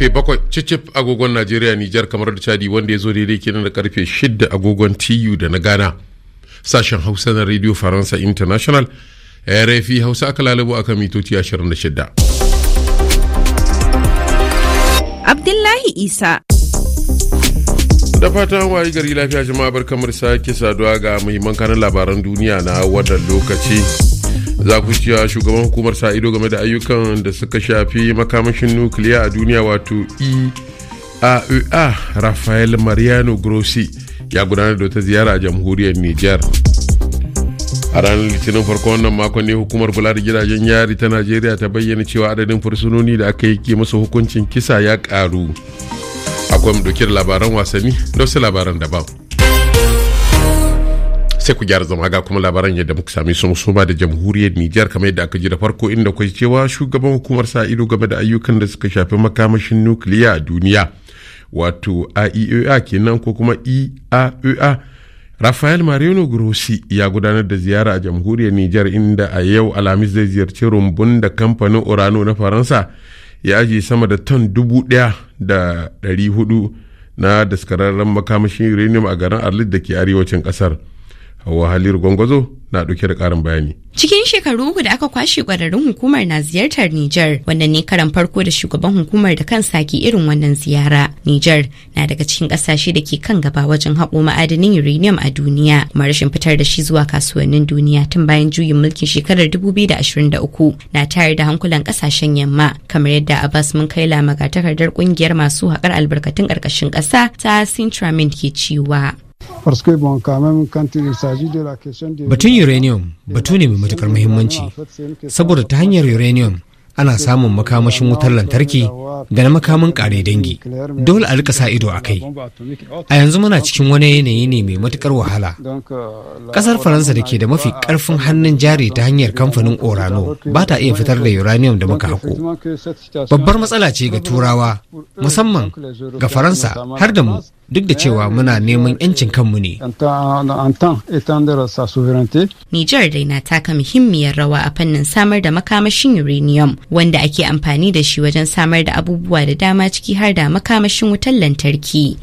karfe bakwai cicif agogon Najeriya Nijar kamar da Chadi wanda ya zo daidai kenan da karfe 6 agogon TU da na Ghana. Sashen Hausa na Radio Faransa International RFI Hausa aka lalabo akan mitoci ashirin da shidda. Abdullahi Isa da fatan wayi gari lafiya jama'a barkamar kamar sake saduwa ga muhimman kanan labaran duniya na wannan lokaci. za ku ciya shugaban hukumar sa ido game da ayyukan da suka shafi makamashin nukiliya a duniya wato iaea rafael mariano grossi ya gudanar da wata ziyara a jamhuriyar niger a ranar litinin farkon wannan makon ne hukumar kula da gidajen yari ta najeriya ta bayyana cewa adadin fursunoni da aka yi masa hukuncin kisa ya karu akwai mu labaran wasanni da wasu labaran daban sai ku gyara zama ga kuma labaran yadda muka sami su musoma da jamhuriyar Nijar kamar yadda aka ji da farko inda kwai cewa shugaban hukumar sa ido game da ayyukan da suka shafi makamashin nukiliya a duniya wato IAEA e kenan ko kuma IAEA e Rafael Mariano Grossi ya gudanar da ziyara a jamhuriyar Nijar inda a yau Alhamis zai ziyarci rumbun da kamfanin Orano na Faransa ya ajiye sama da ton dubu ɗaya da ɗari hudu na daskararren makamashin uranium a garin Arlit da ke arewacin ƙasar. Hawa Haliru Gwangwazo na ɗauke da ƙarin bayani. Cikin shekaru uku da aka kwashe ƙwararrun hukumar na ziyartar Nijar, wannan ne karan farko da shugaban hukumar da kan saki irin wannan ziyara. Nijar na daga cikin ƙasashe da ke kan gaba wajen haƙo ma'adanin uranium a duniya, kuma rashin fitar da shi zuwa kasuwannin duniya tun bayan juyin mulkin shekarar 2023 na tayar da hankulan ƙasashen yamma, kamar yadda mun Abbas lamaga, takardar ƙungiyar masu haƙar albarkatun ƙarƙashin ƙasa ta Sintramin ke cewa. Batun uranium batu ne mai matukar muhimmanci, saboda ta hanyar uranium ana samun makamashin wutar lantarki da na makamin kare dangi, dole a rika sa ido a kai. A yanzu muna cikin wani yanayi ne mai matukar wahala. Euh, Kasar Faransa da ke da mafi karfin hannun jari ta hanyar kamfanin Orano ba ta iya fitar da uranium da muka hako. Babbar matsala ce ga Turawa, musamman ga Faransa har da mu. duk da cewa muna neman 'yancin kanmu ne. Nijar dai na taka muhimmiyar rawa a fannin samar da makamashin uranium wanda ake amfani da shi wajen samar da abubuwa da dama ciki har da makamashin wutar lantarki.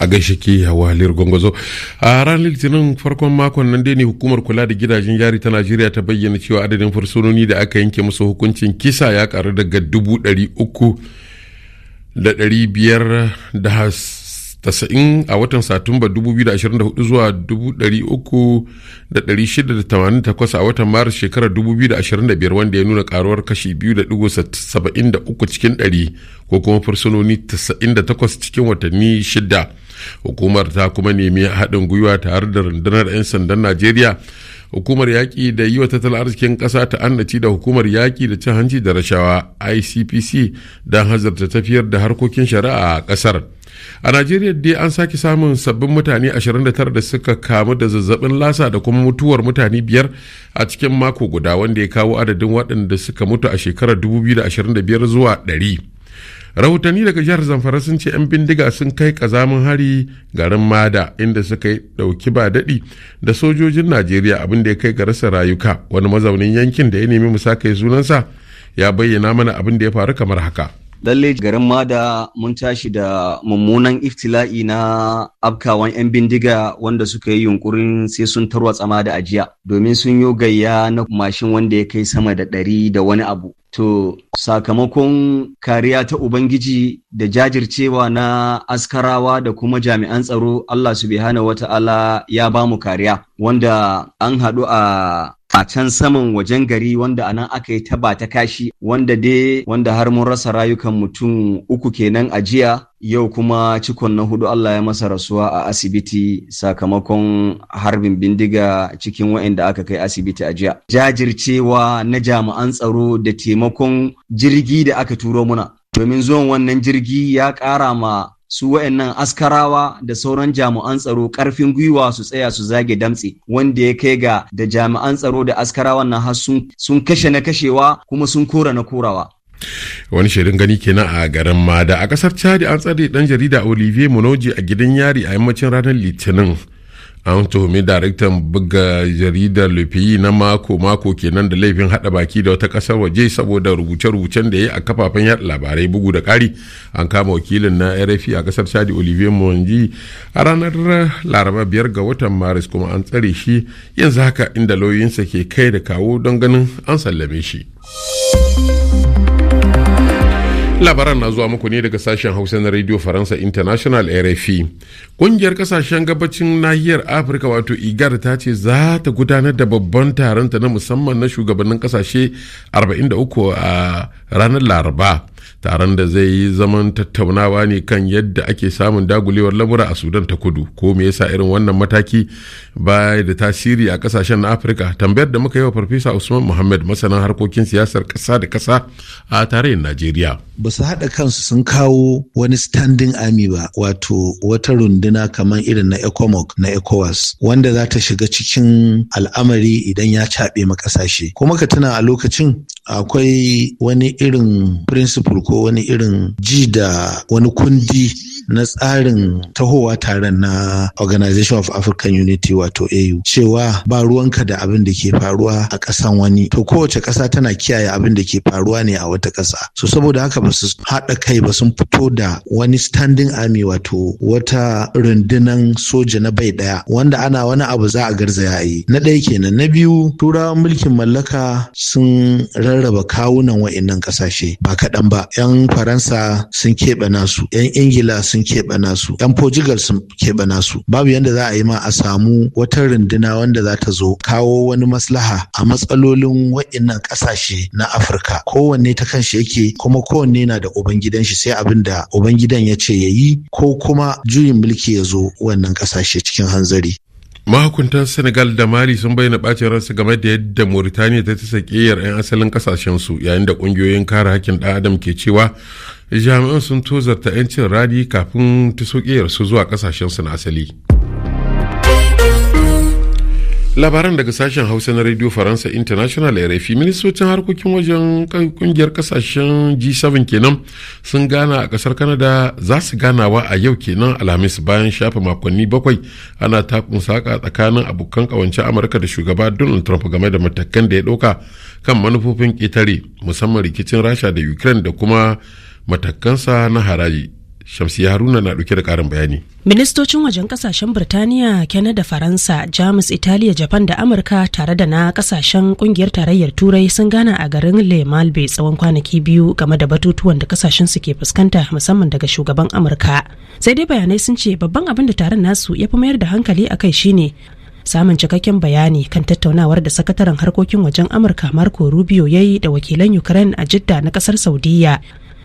a gaishe ke hawalir gwangwazo a ranar litinin farkon makon nan dai ne hukumar kula da gidajen yari ta najeriya ta bayyana cewa adadin fursunoni da aka yanke musu hukuncin kisa ya karu daga dubu dari uku da dari biyar da 90 a watan Satumba 2024 zuwa 300,688 a watan Maris shekarar 2025 wanda ya nuna karuwar kashi 2.73 cikin 100 ko kuma fursunoni 98 cikin watanni shida. Hukumar ta kuma nemi haɗin gwiwa tare da rundunar 'yan sandan Najeriya hukumar yaƙi da yi wa tattalin arzikin ƙasa ta annaci da hukumar yaƙi da cin hanci da rashawa icpc don hazarta tafiyar da harkokin shari'a a ƙasar a najeriya dai an sake samun sabbin mutane 29 da suka kamu da zazzabin lasa da kuma mutuwar mutane biyar a cikin mako guda wanda ya kawo adadin waɗanda suka mutu a shekarar 2025 zuwa 100 rahotanni daga jihar zamfara sun ce 'yan bindiga sun kai kazamin hari garin mada inda suka yi dauki ba daɗi da sojojin najeriya abinda ya kai ga rasa rayuka wani mazaunin yankin da ya nemi musakai sunansa ya bayyana mana abin da ya faru kamar haka lalle garin Mada, mun tashi da mummunan iftila'i na afkawan 'yan bindiga wanda suka yi yunkurin sai sun tarwatsa ma da ajiya domin sun yi gayya na mashin wanda ya kai sama da ɗari da wani abu to sakamakon kariya ta ubangiji da jajircewa na askarawa da kuma jami'an tsaro allah subhanahu wata'ala ya ba mu kariya wanda an haɗu a a can saman wajen gari wanda anan aka yi taba ta kashi wanda dai wanda har mun rasa rayukan mutum uku kenan a jiya yau kuma cikon na hudu Allah ya masa rasuwa a asibiti sakamakon harbin bindiga cikin wa'inda aka kai asibiti a jiya. Jajircewa na jami'an tsaro da taimakon jirgi da aka turo muna. Domin zuwan wannan jirgi ya ƙara ma su wa'annan askarawa da sauran jami'an tsaro karfin gwiwa su tsaya su zage damtse wanda ya kai ga da jami'an tsaro da askarawan na har sun kashe na kashewa kuma sun kora na korawa wani shirin gani kenan a garin mada a kasar chadi an tsare dan jarida olivier monoji a gidan yari a yammacin ranar litinin an tuhumi daraktan buga jaridar lufiyi na mako-mako kenan da laifin hada baki da wata kasar waje saboda rubuce-rubucen da ya yi a kafafen yada labarai bugu da kari an kama wakilin na rfi a kasar chadi olivier monji a ranar laraba biyar ga watan maris kuma an tsare shi yanzu haka inda lauyinsa ke kai da kawo don ganin an sallame shi. labaran na zuwa muku ne daga sashen hausa na radio faransa international rfi kungiyar kasashen gabacin nahiyar afirka wato igar ta ce za ta gudanar da babban taronta na musamman na shugabannin kasashe 43 a ranar laraba taron da zai yi zaman tattaunawa ne kan yadda ake samun dagulewar lamura a sudan ta kudu ko me yasa irin wannan mataki ba da tasiri a kasashen na afirka tambayar da muka yi wa farfesa usman muhammad masanin harkokin siyasar kasa da kasa a tarayyar najeriya ba su haɗa kansu sun kawo wani standing army ba wato wata runduna kamar irin na ecomoc na ecowas wanda za ta shiga cikin al'amari idan ya caɓe ma ƙasashe kuma ka tuna a lokacin akwai wani irin principle ko wani irin ji da wani kundi na tsarin tahowa taron na Organization of African Unity wato AU cewa ba ruwanka da abin da ke faruwa a ƙasan wani to kowace ƙasa tana kiyaye abin da ke faruwa ne a wata ƙasa so saboda haka ba su haɗa kai ba sun fito da wani standing army wato wata rundunan soja na bai ɗaya wanda ana wani abu za a garzaya a yi na ɗaya kenan na biyu turawan mulkin mallaka sun rarraba kawunan wa'innan ƙasashe ba kaɗan ba 'yan faransa sun keɓe nasu 'yan ingila sun sun keɓe nasu yan fojigar sun keɓe nasu babu yadda za a yi ma a samu wata runduna wanda za ta zo kawo wani maslaha a matsalolin waɗannan ƙasashe na afirka kowanne ta kanshi yake kuma kowanne na da ubangidan shi sai abin da ubangidan ya ce ya yi ko kuma juyin mulki ya zo wannan ƙasashe cikin hanzari mahukuntan senegal da mali sun bayyana bacin ransu game da yadda mauritaniya ta ta sakiyar 'yan asalin kasashensu yayin da ƙungiyoyin kare hakkin ɗan adam ke cewa jami'an sun tozarta 'yancin radi kafin ta su zuwa kasashen su na asali labaran daga sashen hausa na radio faransa international ya rfi ministocin harkokin wajen kungiyar kasashen g7 kenan sun gana a kasar kanada za su ganawa a yau kenan alhamis bayan shafe makonni bakwai ana takun saka tsakanin abokan kawance amurka da shugaba donald trump game da matakan da ya ɗauka kan manufofin ƙetare musamman rikicin rasha da ukraine da kuma matakansa na haraji shamsiya haruna na dauke da karin bayani ministocin wajen kasashen birtaniya canada faransa jamus italiya japan da amurka tare da na kasashen kungiyar tarayyar turai sun gana a garin le malbe tsawon kwanaki biyu game da batutuwan da kasashen su ke fuskanta musamman daga shugaban amurka sai dai bayanai sun ce babban abin da taron nasu ya fi mayar da hankali a kai shine samun cikakken bayani kan tattaunawar da sakataren harkokin wajen amurka marco rubio ya yi da wakilan ukraine a jidda na kasar saudiya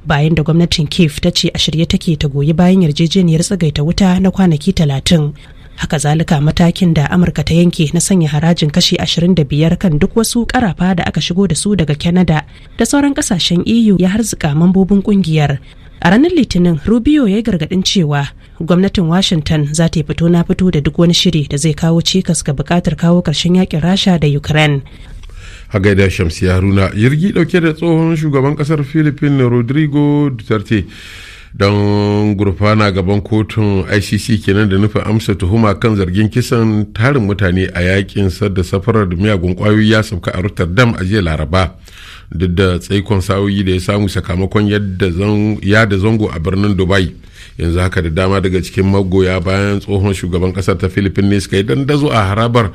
bayan da gwamnatin kiev ta ce a shirye take ta goyi bayan yarjejeniyar tsagaita wuta na kwanaki talatin haka zalika matakin da amurka ta yanke na sanya harajin kashi 25 kan duk wasu karafa da aka shigo da su daga canada da sauran kasashen eu ya harzika mambobin kungiyar a ranar litinin rubio ya yi gargadin cewa gwamnatin washington za ta fito na fito da duk wani shiri da zai kawo cikas ga bukatar kawo karshen yakin rasha da ukraine a shamsi haruna jirgi dauke da tsohon shugaban kasar philippines rodrigo duterte don gurfana gaban kotun icc kenan da nufin amsa tuhuma kan zargin kisan tarin mutane a yakin sadda safarar da miyagun kwayoyi ya sauka a rotterdam a jiya laraba duk da tsaikon sa'o'i da ya samu sakamakon ya da zango a birnin dubai yanzu haka da dama daga cikin magoya bayan tsohon shugaban kasar ta philippines ne suka yi dandazo a harabar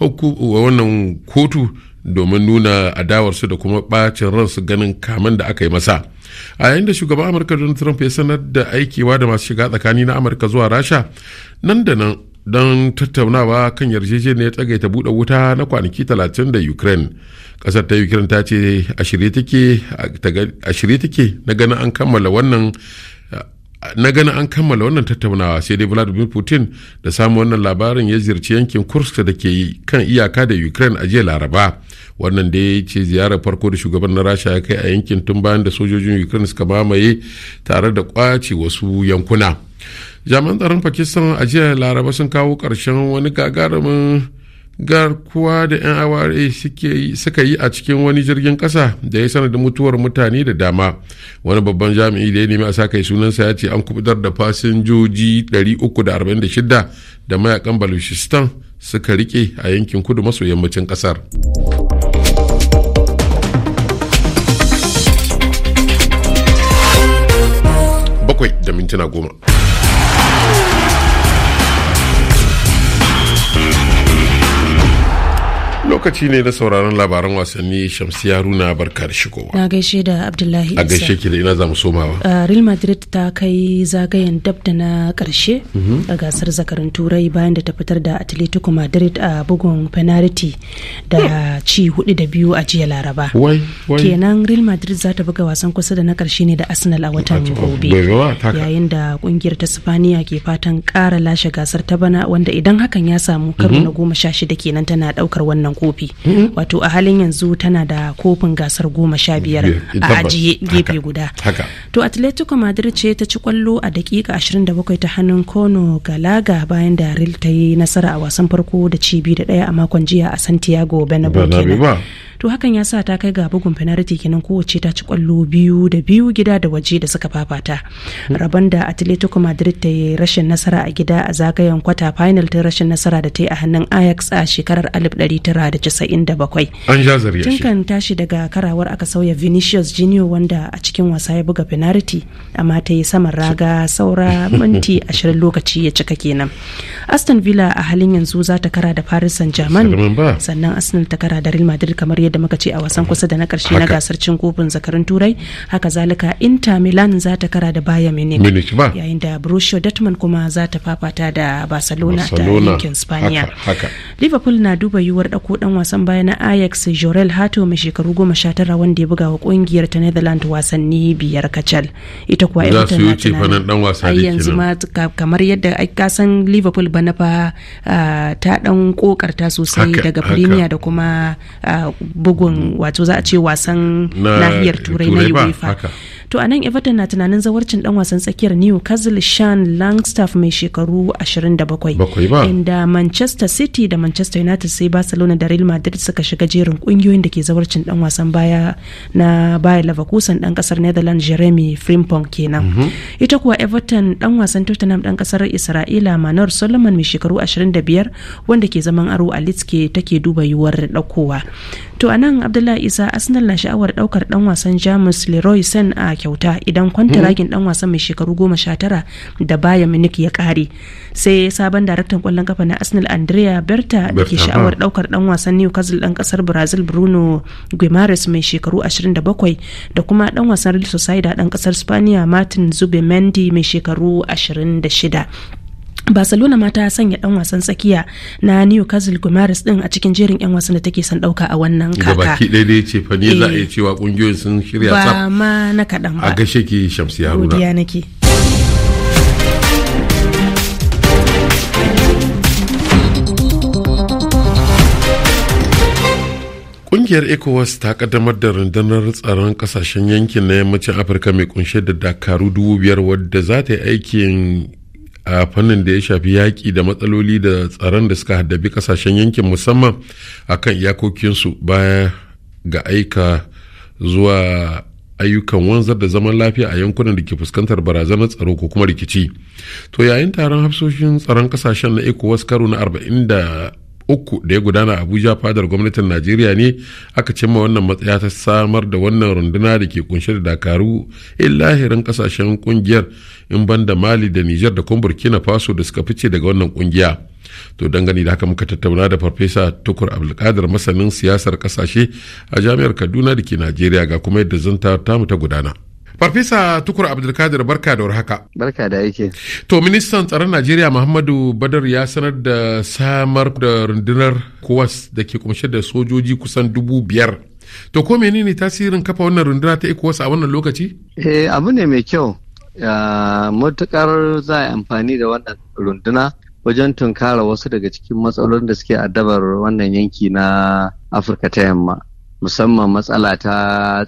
wannan kotu domin nuna adawarsu da kuma bacin ransu ganin kamen da aka yi masa a yayin da shugaban amurka donald trump ya sanar da aikewa da masu shiga tsakani na amurka zuwa rasha nan da nan don tattaunawa kan yarjejeniyar tsagaita buɗe wuta na kwanaki 30 da ukraine ƙasar ta ukraine ta ce a shirye take na ganin an kammala wannan na gani an kammala wannan tattaunawa sai dai vladimir putin da samun wannan labarin ya ziyarci yankin kursk da ke kan iyaka da ukraine a jiya laraba wannan da ya ce ziyarar farko da shugaban na rasha ya kai a yankin tun bayan da sojojin ukraine suka mamaye tare da kwace wasu yankuna jami'an tsaron pakistan a jiya laraba sun kawo ƙarshen wani gagarumin garkuwa da 'yan aware suka yi a cikin wani jirgin kasa da ya sanar da mutuwar mutane da dama wani babban jami'i da ya nemi a sakai sunansa ya ce an kubutar da fasinjoji 346 da mayakan balushistan suka rike a yankin kudu maso yammacin kasar bakwai da mintuna goma lokaci ne na sauraron labaran wasanni shamsi haruna barka da shigowa na gaishe da abdullahi a gaishe ki da ina soma somawa real madrid ta kai zagayen dab da na karshe a gasar zakarin turai bayan da ta fitar da atletico madrid a bugun penalty da ci hudu da biyu a jiya laraba kenan real madrid za ta buga wasan kusa da na karshe ne da arsenal a watan gobe yayin da kungiyar ta sifaniya ke fatan kara lashe gasar ta bana wanda idan hakan ya samu karo na mhm. goma sha shida kenan tana daukar wannan kofi wato a halin yanzu tana da kofin gasar goma sha biyar a ajiye gefe guda to atletico madrid ce ta ci kwallo a dakika 27 ta hannun kono galaga bayan da real ta yi nasara a wasan farko da ci biyu da daya a makon jiya a santiago bernabeu to hakan ya sa ta kai ga bugun penalty kenan kowace ta ci kwallo biyu da biyu gida da waje da suka fafata rabon da atletico madrid ta yi rashin nasara a gida a zagayen kwata final ta rashin nasara da ta yi a hannun ajax a shekarar alif 1997 casa'in da bakwai. tun kan tashi daga karawar aka sauya vinicius junior wanda a cikin wasa ya buga penalty amma ta yi saman raga saura minti 20 lokaci ya cika kenan aston villa a halin yanzu za ta kara da paris saint germain sannan arsenal ta kara da real madrid kamar yadda muka ce a wasan kusa da na karshe na gasar cin kofin zakarun turai haka zalika inter milan za ta kara da bayern munich yayin da borussia dortmund kuma za ta fafata da barcelona ta yankin spaniya liverpool na duba yiwuwar dako dan wasan baya na ajax jorel hato mai shekaru goma sha tara wanda ya buga wa kungiyar ta netherland wasanni biyar kacal ita kuwa ita ta yanzu ma kamar yadda kasan liverpool bana fa ah, ta dan kokarta sosai daga premier da kuma ah, bugun mm. wato za a ce wasan nahiyar turai na UEFA to a nan everton na tunanin zawarcin dan wasan tsakiyar newcastle shan langstaff mai shekaru 27 inda manchester city da manchester united sai barcelona da real madrid suka shiga jerin kungiyoyin da ke zawarcin dan wasan baya na bayer leverkusen dan kasar netherlands jeremy frimpong kenan mhm. ita kuwa everton dan wasan tottenham dan kasar isra'ila manor solomon mai shekaru 25 wanda ke zaman aro a leeds ke take duba yuwar daukowa to anan abdullahi isa arsenal na sha'awar daukar dan wasan jamus leroy sen a kyauta idan kwantaragin hmm. dan wasan mai shekaru goma sha tara da baya munich ya kare sai sabon daraktan kwallon kafa na arsenal andrea berta da ke sha'awar daukar dan wasan newcastle dan kasar brazil bruno guimares mai shekaru 27 da bakwai da kuma dan wasan real sociedad dan kasar spaniya martin zubimendi mai shekaru ashirin da shida. barcelona ma ta sanya dan wasan tsakiya na newcastle gumaris din a cikin jerin yan wasan da take son dauka a wannan kaka gabaki dai dai ce fa ne za a iya eh. cewa kungiyoyin sun shirya ba ma na kadan ba a gashe ki shamsi haruna godiya nake Ƙungiyar ECOWAS ta kaddamar da rundunar tsaron kasashen yankin na yammacin Afirka mai kunshe da dakaru dubu biyar wadda za ta yi aikin a fannin da ya shafi yaƙi da matsaloli da tsaron da suka haddabi kasashen yankin musamman a akan iyakokinsu baya ga aika zuwa ayyukan wanzar da zaman lafiya a yankunan da ke fuskantar barazanar tsaro ko kuma rikici to yayin taron hafsoshin tsaron kasashen na ecowas karo na uku da ya gudana abuja fadar gwamnatin najeriya ne aka cimma wannan matsaya ta samar da wannan runduna da ke kunshe da dakaru lahirin kasashen kungiyar in banda mali da niger da kuma burkina faso da suka fice daga wannan kungiya to dangane da haka muka tattauna da farfesa tukur abdulkadir masanin siyasar kasashe a jami'ar kaduna da ke najeriya ga kuma yadda zanta tamu ta gudana Farfesa Tukur Abdulkadir barka da warhaka. Barka da yake. To ministan tsaron Najeriya Muhammadu Badar ya sanar da samar da rundunar kowas da ke kumshe da sojoji kusan dubu biyar. To ko menene tasirin kafa wannan runduna ta ECOWAS a wannan lokaci? Eh abu ne mai kyau. matukar za a amfani da wannan runduna wajen tunkara wasu daga cikin matsalolin da suke addabar wannan yanki na Afirka ta yamma. musamman matsala ta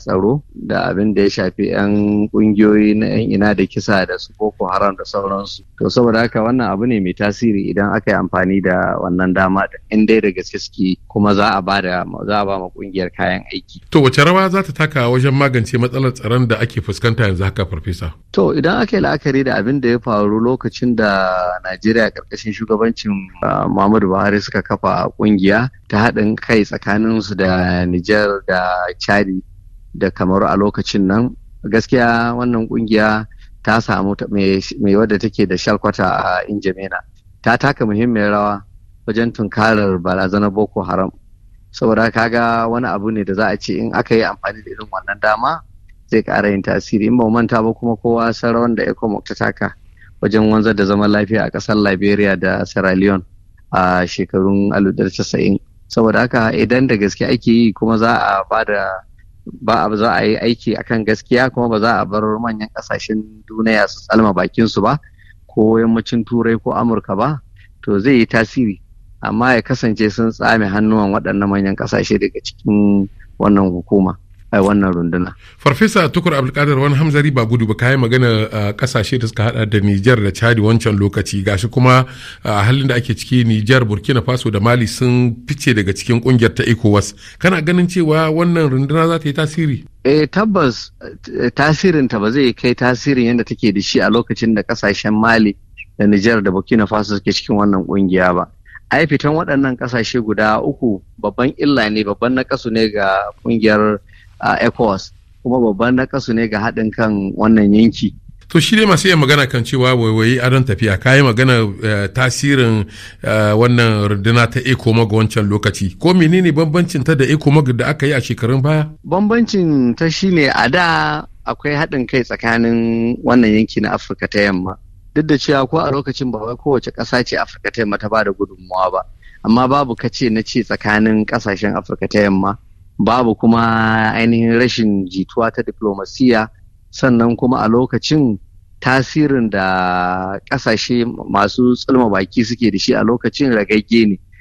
tsaro da abin da ya shafi 'yan kungiyoyi na 'yan ina da kisa da su boko haram da sauransu to saboda haka wannan abu ne mai tasiri idan aka yi amfani da wannan dama da in dai da gaske suke kuma za a ba da za a ba ma kungiyar kayan aiki to wace rawa za ta taka wajen magance matsalar tsaron da ake fuskanta yanzu haka farfesa To idan aka yi la'akari da abin da ya faru lokacin da Najeriya karkashin shugabancin ah, Muhammadu Buhari suka kafa ƙungiya ta haɗin kai tsakaninsu da Nijar da Chadi da Kamaru a lokacin nan. Gaskiya wannan ƙungiya ta samu mai wadda take da shalkwata a Injamena. Ta taka muhimmiyar rawa wajen tunkarar barazanar Boko Haram. Saboda kaga wani abu ne da za a ce in aka yi amfani da irin wannan dama zai ƙara yin tasiri in ba manta ba kuma kowa san da ecomoc ta taka wajen wanzar da zaman lafiya a ƙasar liberia da sierra leone a shekarun 1990 saboda haka idan da gaske ake yi kuma za a ba da ba a za a yi aiki akan gaskiya kuma ba za a bar manyan kasashen duniya su tsalma bakin su ba ko yammacin turai ko amurka ba to zai yi tasiri amma ya kasance sun tsame hannuwan waɗannan manyan kasashe daga cikin wannan hukuma a wannan runduna. Farfesa Tukur Abdulkadir wani Hamzari ba gudu ba kayi magana a kasashe da suka hada da Nijar da Chadi wancan lokaci gashi kuma a halin da ake ciki Nijar Burkina Faso da Mali sun fice daga cikin kungiyar ta ECOWAS. Kana ganin cewa wannan runduna za ta yi tasiri? Eh tabbas tasirinta ba zai kai tasirin yadda take da shi a lokacin da kasashen Mali da Nijar da Burkina Faso suke cikin wannan kungiya ba. ai fitan waɗannan ƙasashe guda uku babban illa ne babban nakasu ne ga ƙungiyar a ECOWAS kuma babban nakasu ne ga haɗin kan wannan yanki. To shi dai masu iya magana kan cewa waiwayi adon tafiya Ka yi magana eh, tasirin eh, wannan runduna ta ECOMOG wancan lokaci. Ko menene bambancin ta da ECOMOG da aka yi a shekarun baya? Bambancin ta ne a da akwai haɗin kai tsakanin wannan yanki na Afirka ta yamma. Duk da cewa ko a lokacin ba wai kowace ƙasa ce Afirka ta yamma ta ba da gudunmawa ba. Amma babu kace na ce tsakanin ƙasashen Afirka ta yamma. babu kuma ainihin rashin jituwa ta diplomasiya sannan kuma a lokacin tasirin da ƙasashe masu tsulma baki suke da shi a lokacin ragagge ne